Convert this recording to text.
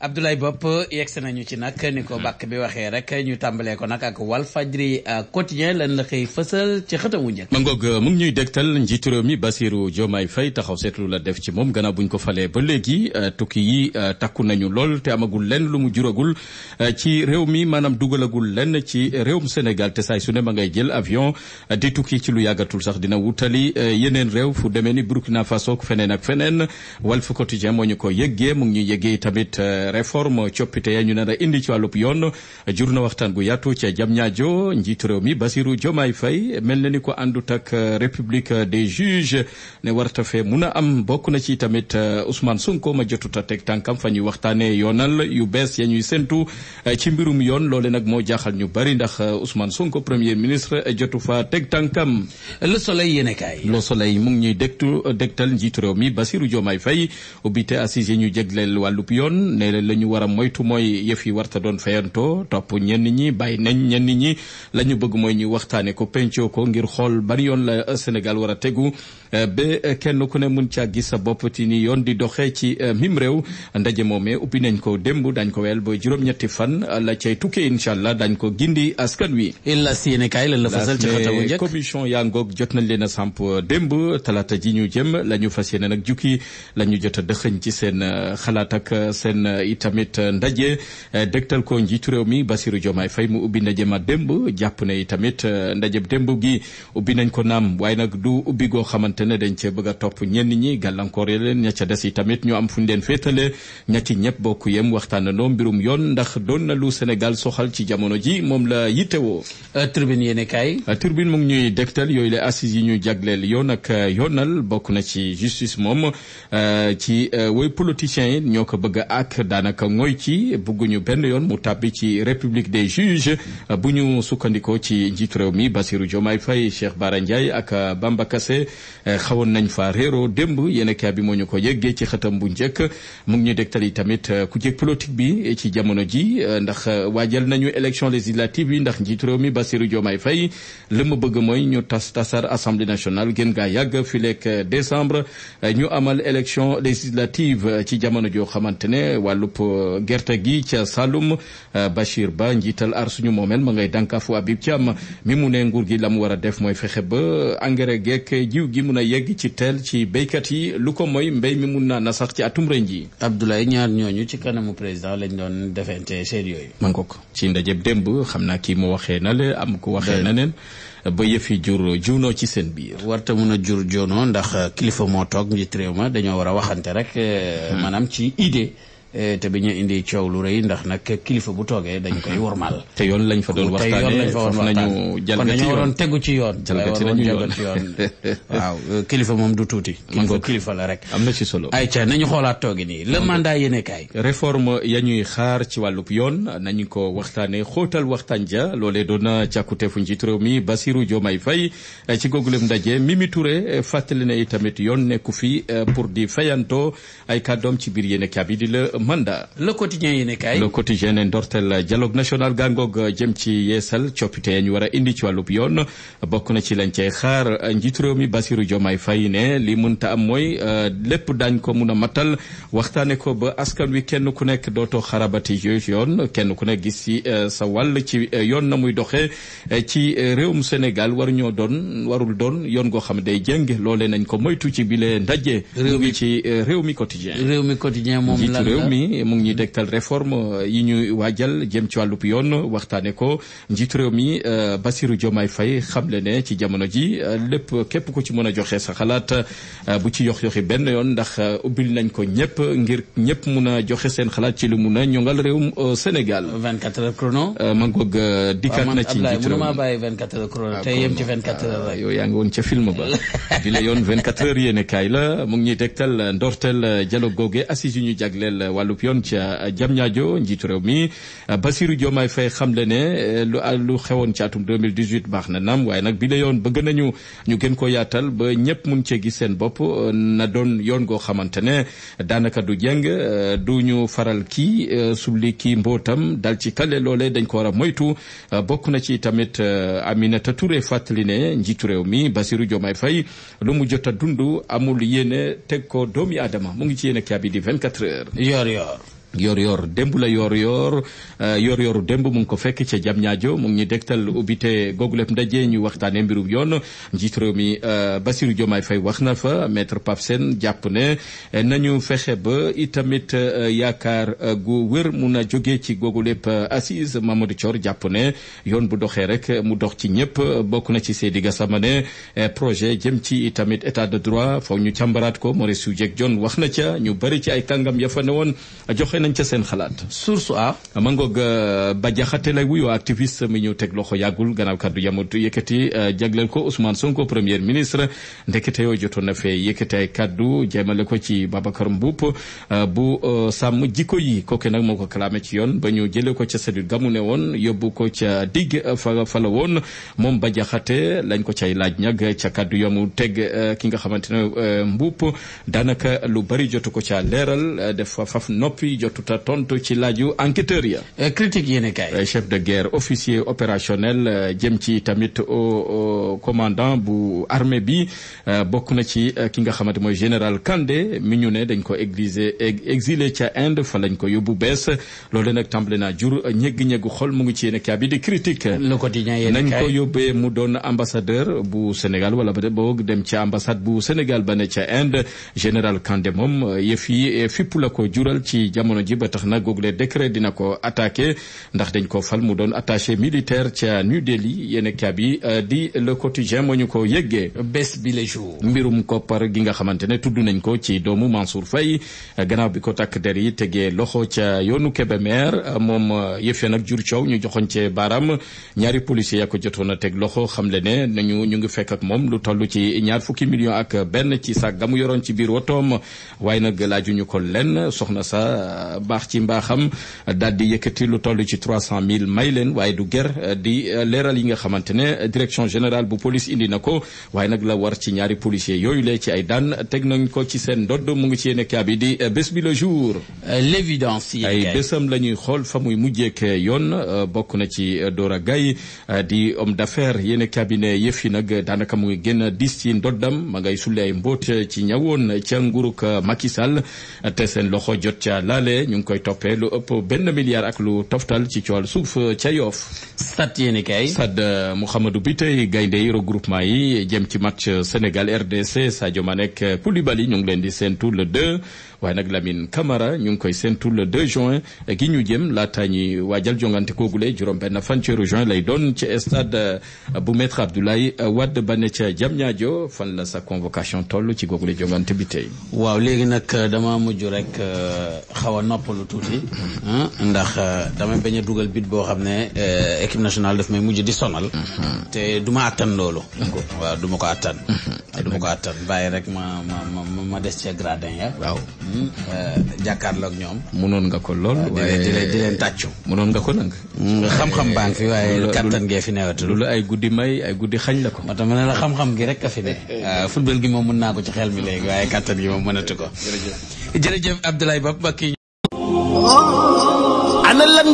Abdoulaye Bopp yegg si nañu ci nag ni ko hmm. bàkk bi waxee rek ñu tàmbalee ko nag ak Walfadjri euh, quotidien lan la xëy fësal ci xëtam wu njëkk. ma ngoog euh, mu ngi ñuy dégtal njiitu réew mi Basirou Diomaye Faye taxaw seetlu la def ci moom gannaaw buñ ko falee ba léegi euh, tukki yi takku nañu lool te amagul lenn lu mu juragul ci réew mi maanaam dugalagul lenn ci réewum Sénégal te saay su ne ma ngay jël avion di tukki ci lu yàggatul sax dina wutali yeneen rew fu demee ni Burkina Faso feneen ak feneen Walf quotidien moo ñu ko yëggee mu ngi ñuy tamit. réforme coppite ya ñu nar a indi ci wàllub yoon jur na waxtaan gu yaatu ca jam ñaajo njiitu réew mi Basirou Diomaye fay mel na ni ko àndut tak république des juges ne warta fee mun a am bokk na ci tamit euh, Ousmane Sonko ma jotut a teg tànkam fa ñuy waxtaanee yoonal yu bees ya ñuy séntu euh, ci mbirum yoon loole nag moo jaaxal ñu bari ndax euh, Ousmane Sonko premier ministre jotu fa teg tànkam. Le Soleil yéen ñuy dégtu dégtal njiitu réew mi la ñu war a moytu mooy yëf yi warta doon fayantoo topp ñenn ñi bàyyi nañ ñenn ñi la ñu bëgg mooy ñu waxtaane ko pencoo ko ngir xool ban yoon la Sénégal war a tegu euh, ba kenn ku ne mun ca gis sa bopp ti ni yoon di doxee ci euh, mim réew ndaje moomee ubbi nañ ko démb dañ ko wel ba juróom-ñetti fan la cay tukkee incha allah dañ ko gindi askan wi. Las e yéenekaay lan la fasal ci xëtawu e njëkk commission yaa ngoog jot nañ leen a samp euh, démb talaata ji ñu jëm la ñu fas yéene nag jukki la ñu jot a dëxëñ ci seen ak seen waaye itamit eh, ndaje eh, dëgtal ko njiitu réew mi Bassirou Diomaye Faye mu ubbi ndaje ma démb jàpp ne itamit eh, ndaje demb gi ubbi nañ ko nam waaye nag du ubbi goo xamante ne dañ cee bëgg a topp ñenn ñi gàllankoor yi leen ña ca des itamit ñu am fu leen féetale ña ci ñëpp bokk yem waxtaan waxtaanandoo mbirum yoon ndax doon na lu Sénégal soxal ci jamono ji moom la yittewoo. Euh, turbine yéen kay. Euh, turbine mu ngi ñuy dëgtal yooyu la assises yi ñu jagleel yoon ak euh, bokk na ci justice moom ci woy politiciens yi ñoo ko daanaka ngoy ci bugguñu benn yoon mu tàbbi ci république des juges bu ñu sukkandikoo ci njiitu réew mi Bassirou Diomaye fay Cheikh Bara Ndiaye ak Bamba Kassé xawoon nañ fa réero demb yéen a bi moo ñu ko yëggee ci xëtam bu njëkk mu ngi ñu dégtali tamit ku jéeg politique bi ci jamono ji ndax waajal nañu élection législative yi ndax njiitu réew mi Bassirou Diomaye fay li mu bëgg mooy ñu tas tasar assemblée nationale gën gaa yàgg fileek décembre ñu amal élection législative ci wàllub euh, gerte gi ca Saloum euh, Bachir Ba njiital ar suñu moomeel ma ngay dànkaafu Habib Thiam mi mu ne nguur gi la mu war a def mooy fexe ba engrais geek jiw gi mun a yegg ci teel ci béykat yi lu ko moy mbéy mi mun naa na sax ci atum re ji Abdoulaye ñaar ñooñu ci kanamu président lañ doon defente seen yooyu. man ko ci ndajeb démb xam naa kii mu waxee na le am ko waxee na neen ba yëf yi jur juunoo ci seen biir. warta mun a jur joonoo ndax kilifa moo toog njiit ma dañoo war a waxante rek. Hmm. maanaam ci idée. Eh, te bi ñu indi coow lu rëy ndax nag kilifa bu toogee dañ koy mhm. wormaal. te yoon lañ fa doon waxtaanee foofu nañu jalgati yoon kon dañoo waroon tegu ci yoon. waaw kilifa moom du tuuti. kilifa kilifa la rek. am na ci solo ay ayca nañu xoolaat toogi nii le mandat yéene kaay. réforme ya ñuy xaar ci wàllub yoon nañu ko waxtaane xootal waxtaan ja loolee càkute càkkuteefu njiitu réew mi Bassirou Diomaye fay eh, ci googulem ndaje Mimi Touré eh, fàttali na tamit yoon nekku fi pour di fayanto ay kàddoom ci biir yéene mandat. le quotidien yi ne kaay. le quotidien ne ndorteel dialogue national gàngoog jëm ci yeesal coppite ñu war a indi ci wàllub yoon bokk na ci lañ cay xaar njiitu réew mi Bassirou Diomaye Faye ne li mënta am mooy euh, lépp daañ ko mun a matal waxtaane ko ba askan wi kenn ku nekk dootoo xarabati yooyu yoon kenn ku nekk gis si euh, sa wàll ci euh, yoon na muy doxe ci réewum Sénégal waruñoo doon warul doon yoon goo xam day jéng loolee nañ ko moytu ci bile ndaje. réew mi ci réew mi mi mu ngi ñuy dégtal réforme euh, yi ñu waajal jëm ci wàllub yoon waxtaane ko njiitu réew mi euh, Bassirou Diomaye Faye xamle ne ci jamono ji euh, lépp képp ku ci mën a joxe sa xalaat bu ci yox yoxi benn yoon ndax ubbil nañ ko ñëpp ngir ñëpp mun a joxe seen xalaat ci lu mun a ñongal réewum Sénégal. 24 heures chrono. ma ngoog dikkaat na ci njiitu réew mi waaw man Ablaye te yem ci 24 heures rek. yow yaa ngi woon ca film ba bi yoon 24 la mu ngi ñuy dégtal ndorteel googe assise yu ñu jagleel wàllub yoon ca Diamniadio njiitu réew mi Bassirou Diomaye Faye xamle ne eh, lu ah, lu xewoon ci atum 2018 baax na nam waaye nag bi la yoon bëgg nañu ñu gën ko yaatal ba ñëpp mun cee gis seen bopp eh, na doon yoon goo xamante ne daanaka du jeng eh, du ñu faral kii subli kii mbootam dal ci kale loolee dañ ko war a moytu bokk na ci tamit Aminata Touré fàttali ne njiitu réew mi Bassirou Diomaye Faye lu mu jot a dund amul yéene teg ko doomi aadama mu ngi ci yéene kaabi di 24 heures Yoor Yoor. yor yor démb la yor yoor euh, yor yoru démb mu ngi ko fekk ca jam ñaajo mu ngi ñu dégtal ubbite googu lépp ndaje ñu waxtaanee mbirum yoon njiitu réew mi euh, Bassirou Diomaye fay wax na fa metre Pape seen jàpp ne euh, na ñu fexe ba itamit yaakaar gu wër mun a jógee ci googu lépp assise Mamadou Thior jàpp ne yoon bu doxee rek mu dox ci ñëpp bokk na ci Seydi sama ne projet jëm ci itamit état de droit foog ñu càmbaraat ko Maurice Soudieck Dione wax na ca ñu bëri ci ay kàngam ya fa ne woon joxe nañ ca seen xalaat source a ma ngoog euh, ba jaxate lay wuyoo activiste mi ñu teg loxo yàggul gannaaw kàddu yamut yëkkati euh, jagleel ko son ko premier ministre ndekete yo jotoon na fee yëkkati ay kàddu jëmale ko ci Babacar Mboup euh, bu sàmm jikko yi kooke nag moo ko clamé ci yoon ba ñu jëlee ko ca sedut gamu ne woon yóbbu ko ca digg fa fa la woon moom ba jaxate lañ ko cay laaj ñag ca kàddu yamu teg ki nga xamante ne Mboup daanaka lu bari jotu ko ca leeral def faf noppi jotuta tontu ci laaju enquêteur ya euh, critique yéen kay euh, chef de guerre officier opérationnel euh, jem ci tamit au commandant bu armée bi bokk na ci ki nga xamante mooy général Kandé mi ne dañ ko exiler exilé ca Inde fa ko yóbbu bees loolu nag tàmbale naa jur ñegg-ñeggu xol mu ngi ci yéen kay bi di critique nañ ko yóbbee mu doon ambassadeur bu Sénégal wala ba boog dem ca ambassade bu Sénégal ba ne ca Inde général Kandé mom yëf yi ko jural ci jamono jamono ji tax na google décret dina ko attaqué ndax dañ ko fal mu doon attaché militaire ca New Delhi yéen a euh, di le quotidien moo ñu ko yëggee. bés bi le jour. mbirum koppar gi nga xamante ne tudd nañ ko ci doomu Mansour Faye euh, gannaaw bi ko takk der yi tege loxo ca yoonu Kébémer euh, moom yëf nag jur coow ñu joxoon ce baaraam ñaari policiers yaa ko jotoon a teg loxo xam le ne nañu ñu ngi fekk ak moom lu toll ci ñaar fukki million ak benn ci saag ga mu yoroon ci biir wotoom waaye nag laajuñu ko lenn yàlla baax ci mbaaxam daal di yëkkati lu toll ci 300000 may leen waaye du ger euh, di euh, leeral yi nga xamante ne direction générale bu police indi na ko waaye nag la war ci ñaari policiers yooyu lee ci ay daan teg nañ ko ci seen ndodd mu ngi ci yéen a bi di euh, bés bi le jour. l'évidence ay bésam la ñuy xool fa muy mujjeek yoon bokk na ci door a gay di homme d'affaires yéen a cabinet yi nag daanaka mu ngi gën a dis ci ndoddam ma ngay sulle ay mbóot ci ñawoon ca nguurug Macky Sall te seen boobee ñu ngi koy toppee lu ëpp benn milliard ak lu toftal ci cool suuf euh, ca Yoff. stade yéen kay. stade euh, Mouhamadou bi tey gaynde yi regroupement yi jëm ci match euh, Sénégal RDC Sadio Mané ak Koulibaly ñu ngi leen di séntu le 2. waaye nag Lamine kamara ñu ngi koy séntu le 2 juin gi ñu jëm laata ñuy waajal jongante koogule juróom-benn fan ci juin lay doon ci stade euh, bu maître Abdoulaye euh, Wade ba ne ca Diamniadio fan la sa convocation toll ci googule jongante bi tey. waaw léegi nag euh, dama mujj rek xaw a noppalu tuuti ndax dama bañ a dugal bit boo xam ne équipe nationale def may mujj di sonal. Mhm. te duma attan loolu. Mhm. duma ko attan. Mhm. duma ko attan bàyyi rek ma ma ma des ca gradin ya waaw Euh, jàkkaarloog ñoom. mënoon nga ko lool. waaye euh, di leen di leen tàccu. mënoon nga ko nag. Mm, xam-xam baa ngi fi waaye lu kattan gee fi newatul. lu la ay guddi may ay guddi xañ la ko. moo tax ma ne la xam-xam gi rek a fi ne. Euh, football gi moom mën naa ko ci xel mi léegi waaye kattan gi moom mënatu ko. jërëjëf jërëjëf Abdoulaye Ba mbokk